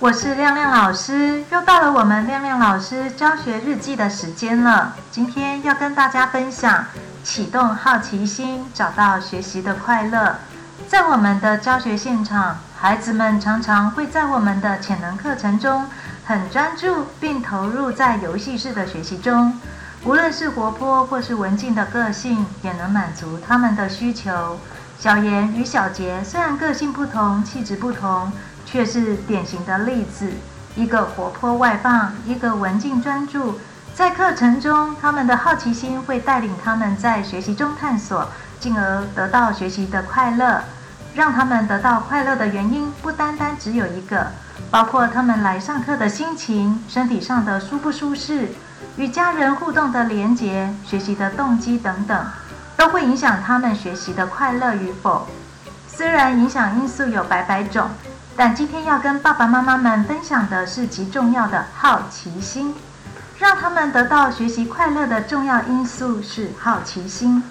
我是亮亮老師，又到了我們亮亮老師教學日記的時間了。今天要跟大家分享啟動好奇心，找到學習的快樂。在我們的教學現場，孩子們常常會在我們的潛能課程中很專注並投入在遊戲式的學習中。無論是活潑或是文靜的個性，也能滿足他們的需求。小妍與小杰雖然個性不同、氣質不同，卻是典型的例子：一個活潑外放，一個文靜專注。在課程中，他們的好奇心會帶領他們在學習中探索，進而得到學習的快樂。讓他們得到快樂的原因不單單只有一個，包括他們來上課的心情、身體上的舒不舒適、與家人互動的連結、學習的動機等等。都會影響他們學習的快樂與否。雖然影響因素有百百種，但今天要跟爸爸媽媽們分享的是極重要的好奇心。讓他們得到學習快樂的重要因素是好奇心。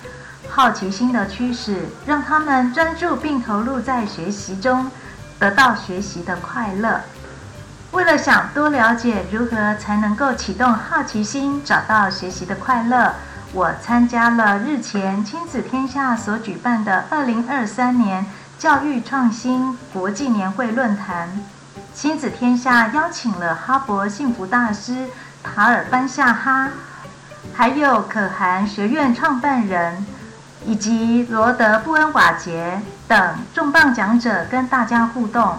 好奇心的驅使，讓他們專注並投入在學習中，得到學習的快樂。為了想多了解如何才能夠啟動好奇心，找到學習的快樂。我參加了日前親子天下所舉辦的二零二三年教育創新國際年會論壇。親子天下邀請了哈佛幸福大師塔爾班夏哈，還有可汗學院創辦人以及羅德布恩瓦杰等重磅講者跟大家互動。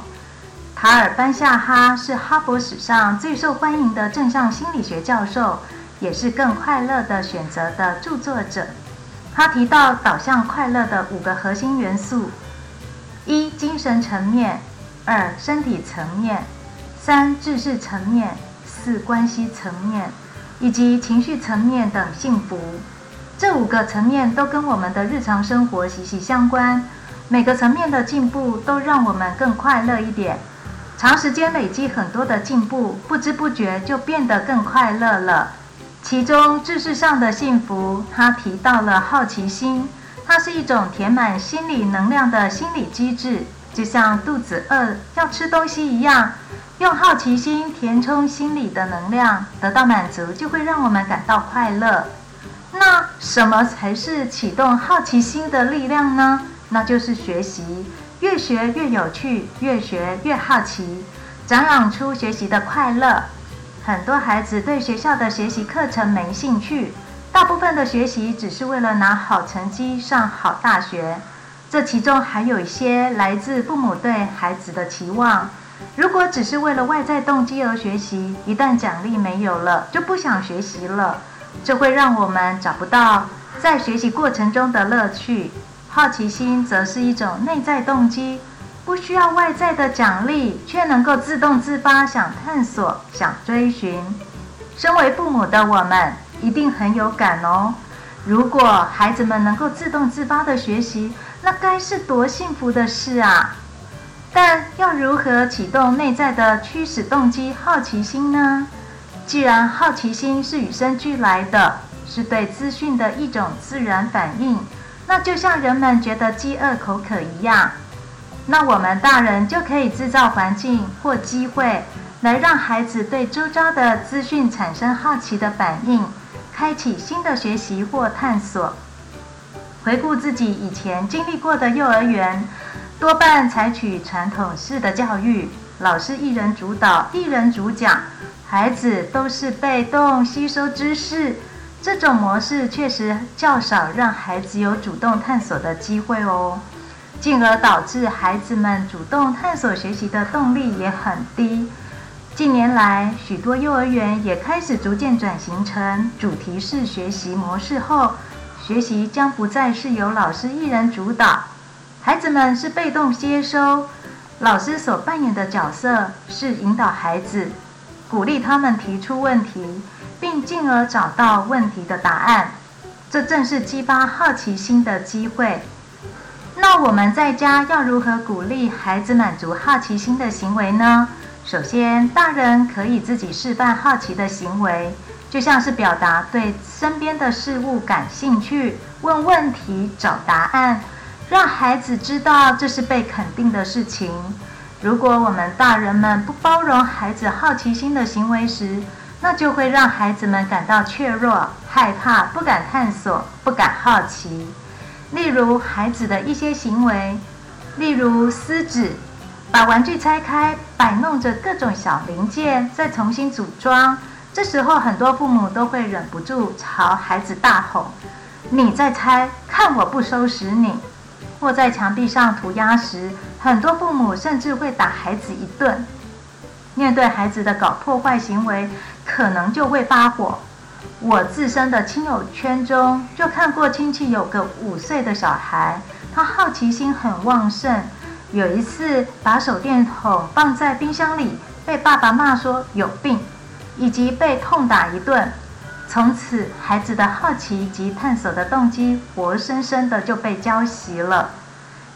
塔爾班夏哈是哈佛史上最受歡迎的正向心理學教授。也是更快樂的選擇的著作者，他提到導向快樂的五個核心元素：一、精神層面；二、身體層面；三、知識層面；四、關係層面，以及情緒層面等幸福。這五個層面都跟我們的日常生活息息相關。每個層面的進步都讓我們更快樂一點。長時間累積很多的進步，不知不覺就變得更快樂了。其中知識上的幸福，他提到了好奇心，它是一種填滿心理能量的心理機制，就像肚子餓要吃東西一樣，用好奇心填充心理的能量，得到滿足就會讓我們感到快樂。那什麼才是啟動好奇心的力量呢？那就是學習，越學越有趣，越學越好奇，綻放出學習的快樂。很多孩子對學校的學習課程沒興趣，大部分的學習只是為了拿好成績、上好大學。這其中還有一些來自父母對孩子的期望。如果只是為了外在動機而學習，一旦獎勵沒有了，就不想學習了，這會讓我們找不到在學習過程中的樂趣。好奇心則是一種內在動機。不需要外在的獎勵，卻能夠自動自發想探索、想追尋。身為父母的我們，一定很有感哦。如果孩子們能夠自動自發地學習，那該是多幸福的事啊！但要如何啟動內在的驅使動機、好奇心呢？既然好奇心是與生俱來的，是對資訊的一種自然反應，那就像人們覺得飢餓、口渴一樣。那我們大人就可以制造環境或機會，來讓孩子對周遭的資訊產生好奇的反應，開啟新的學習或探索。回顧自己以前經歷過的幼兒園，多半採取傳統式的教育，老師一人主導、一人主講，孩子都是被動吸收知識。這種模式確實較少讓孩子有主動探索的機會哦。進而導致孩子們主動探索學習的動力也很低。近年來，許多幼兒園也開始逐漸轉型成主題式學習模式後，學習將不再是由老師一人主導，孩子們是被動接收，老師所扮演的角色是引導孩子，鼓勵他們提出問題，並進而找到問題的答案。這正是激發好奇心的機會。那我們在家要如何鼓勵孩子滿足好奇心的行為呢？首先，大人可以自己示範好奇的行為，就像是表達對身邊的事物感興趣，問問題，找答案，讓孩子知道這是被肯定的事情。如果我們大人們不包容孩子好奇心的行為時，那就會讓孩子們感到怯弱、害怕，不敢探索，不敢好奇。例如孩子的一些行為，例如撕紙、把玩具拆開、擺弄着各種小零件，再重新組裝，這時候很多父母都會忍不住朝孩子大吼：“你再拆，看我不收拾你！”或在牆壁上塗鴉時，很多父母甚至會打孩子一頓。面對孩子的搞破壞行為，可能就會發火。我自身的親友圈中，就看過親戚有個五歲的小孩，他好奇心很旺盛。有一次把手電筒放在冰箱裡，被爸爸罵說有病，以及被痛打一頓。從此，孩子的好奇及探索的動機，活生生的就被澆熄了。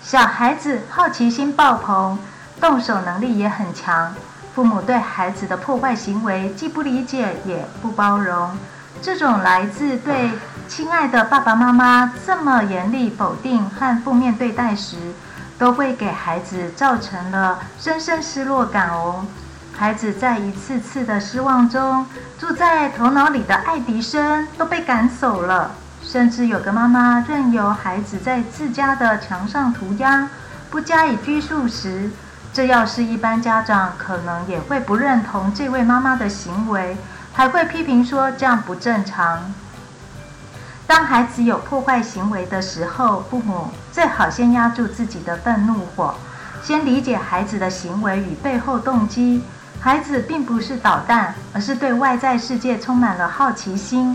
小孩子好奇心爆棚，動手能力也很強。父母對孩子的破壞行為既不理解也不包容，這種來自對親愛的爸爸媽媽這麼嚴厲否定和負面對待時，都會給孩子造成了深深失落感哦。孩子在一次次的失望中，住在頭腦裡的愛迪生都被趕走了，甚至有個媽媽任由孩子在自家的牆上塗鴉，不加以拘束時。這要是一般家長，可能也會不認同這位媽媽的行為，還會批評說這樣不正常。當孩子有破壞行為的時候，父母最好先壓住自己的憤怒火，先理解孩子的行為與背後動機。孩子並不是搗蛋，而是對外在世界充滿了好奇心。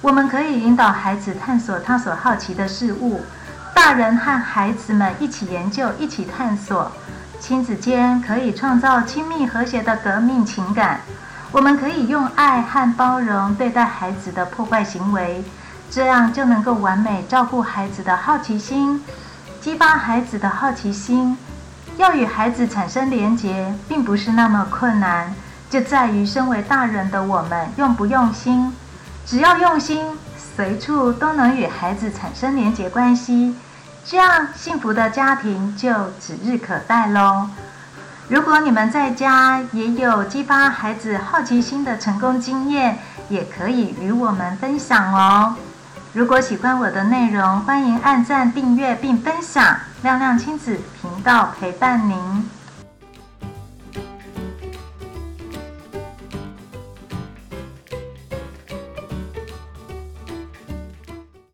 我們可以引導孩子探索他所好奇的事物，大人和孩子們一起研究，一起探索。親子間可以創造親密和諧的革命情感。我們可以用愛和包容對待孩子的破壞行為，這樣就能夠完美照顧孩子的好奇心，激發孩子的好奇心。要與孩子產生連結，並不是那麼困難，就在於身為大人的我們用不用心。只要用心，隨處都能與孩子產生連結關係。這樣幸福的家庭就指日可待嘍！如果你們在家也有激發孩子好奇心的成功經驗，也可以與我們分享哦。如果喜歡我的內容，歡迎按贊、訂閱並分享。亮亮親子頻道陪伴您。